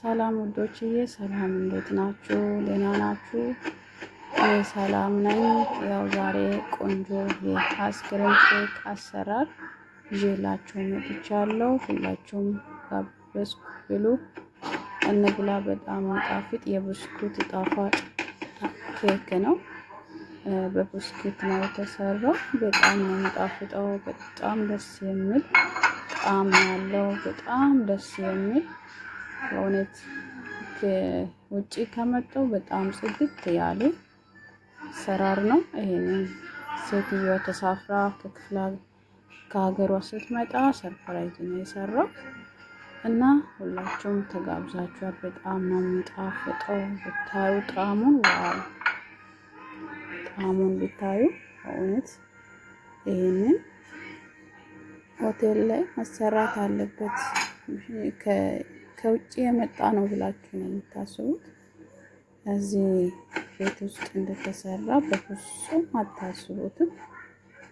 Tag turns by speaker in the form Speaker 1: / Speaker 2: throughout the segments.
Speaker 1: ሰላም ውዶችዬ፣ ሰላም እንዴት ናችሁ? ደህና ናችሁ? እኔ ሰላም ነኝ። ያው ዛሬ ቆንጆ የአይስክሬም ኬክ አሰራር ይዤላችሁ መጥቻለሁ። ሁላችሁም ጋበዝኩ፣ ብሉ፣ እንብላ። በጣም ጣፋጭ የብስኩት ጣፋጭ ኬክ ነው። በብስኩት ነው የተሰራው። በጣም ነው የሚጣፍጠው። በጣም ደስ የሚል ጣዕም ያለው በጣም ደስ የሚል በእውነት ውጪ ከመጣው በጣም ጽድት ያለ አሰራር ነው። ይሄንን ሴትዮዋ ተሳፍራ ከክፍላ ከሀገሯ ስትመጣ ሰርፕራይዝ ነው የሰራው እና ሁላችሁም ተጋብዛችኋል። በጣም ነው የሚጣፍጠው። ብታዩ ጣዕሙን ዋው! ጣዕሙን ብታዩ በእውነት ይሄንን ሆቴል ላይ መሰራት አለበት። ከውጭ የመጣ ነው ብላችሁ ነው የምታስቡት። እዚህ ቤት ውስጥ እንደተሰራ በፍጹም አታስቡትም።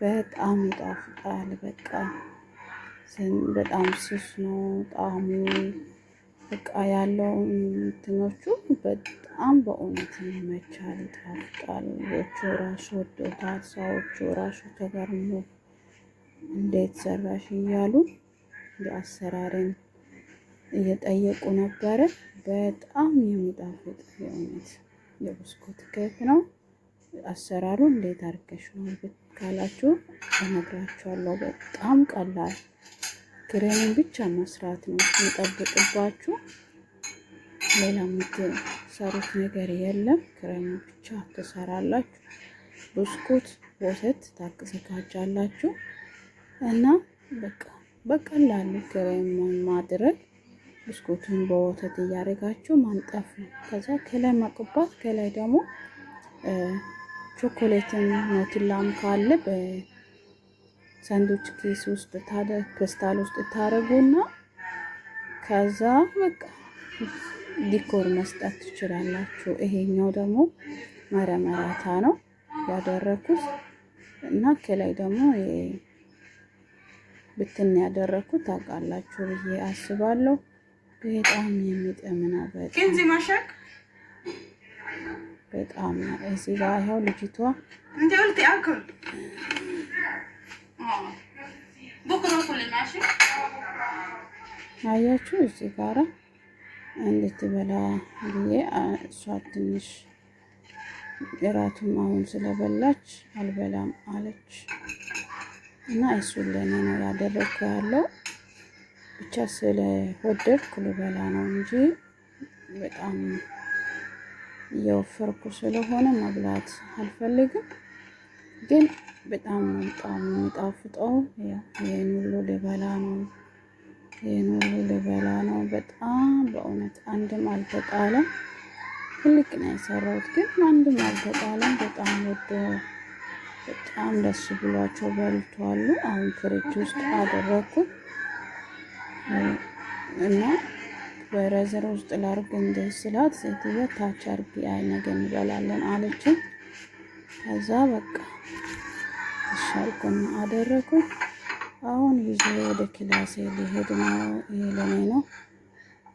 Speaker 1: በጣም ይጣፍጣል። በቃ በጣም ስስ ነው ጣዕሙ። በቃ ያለው እንትኖቹ በጣም በእውነት ይመቻል፣ ይጣፍጣል። ልጆቹ ራሱ ወዶታል። ሰዎቹ ራሱ ተገርሞ እንዴት ሰራሽ እያሉ የአሰራርን እየጠየቁ ነበረ። በጣም የሚጣፍጥ የእውነት የብስኩት ኬክ ነው። አሰራሩ እንዴት አርገሽ ነው ካላችሁ እነግራችኋለሁ። በጣም ቀላል ክሬምን ብቻ መስራት ነው የሚጠብቅባችሁ። ሌላ የምትሰሩት ነገር የለም። ክሬም ብቻ ትሰራላችሁ። ብስኩት፣ ወተት ታቅዘጋጃላችሁ እና በቃ በቀላሉ ክሬም ማድረግ ብስኩቱን በወተት እያደረጋችሁ ማንጠፍ ነው። ከዛ ከላይ ማቅባት፣ ከላይ ደግሞ ቾኮሌትን ኖትላም ካለ በሳንዱች ኬስ ውስጥ ክስታል ውስጥ ታደረጉና ከዛ በቃ ዲኮር መስጠት ትችላላችሁ። ይሄኛው ደግሞ መረመራታ ነው ያደረኩት እና ከላይ ደግሞ ብትን ያደረኩት ታውቃላችሁ ብዬ አስባለሁ። በጣም የሚጠምና በጣም እዚ ጋር ይኸው ልጅቷ አያችሁ፣ እዚህ ጋራ እንድትበላ ብዬ እሷ ትንሽ እራቱም አሁን ስለበላች አልበላም አለች እና እሱን ለእኔ ነው ያደረግኩ ያለው። ብቻ ስለወደድኩ ልበላ ነው እንጂ በጣም እየወፈርኩ ስለሆነ መብላት አልፈልግም። ግን በጣም በጣም የሚጣፍጠው ይህን ሁሉ ልበላ ነው፣ ይህን ሁሉ ልበላ ነው። በጣም በእውነት አንድም አልተጣለም። ትልቅ ነው የሰራሁት፣ ግን አንድም አልተጣለም። በጣም ወደ በጣም ደስ ብሏቸው በልቷሉ። አሁን ፍሪጅ ውስጥ አደረግኩ። እና በረዘር ውስጥ ላርግ እንደ ስላት ሴትዮ ታች አርቢ አይ ነገ እንበላለን አለችን። ከዛ በቃ ይሻልኩና አደረኩ። አሁን ይዞ ወደ ክላሴ ሊሄድ ነው። ይሄ ለኔ ነው።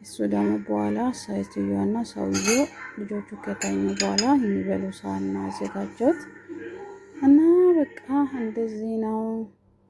Speaker 1: እሱ ደግሞ በኋላ ሴትዮዋና ሰውዬው ልጆቹ ከተኙ በኋላ የሚበሉ ሳህን አዘጋጀሁት እና በቃ እንደዚህ ነው።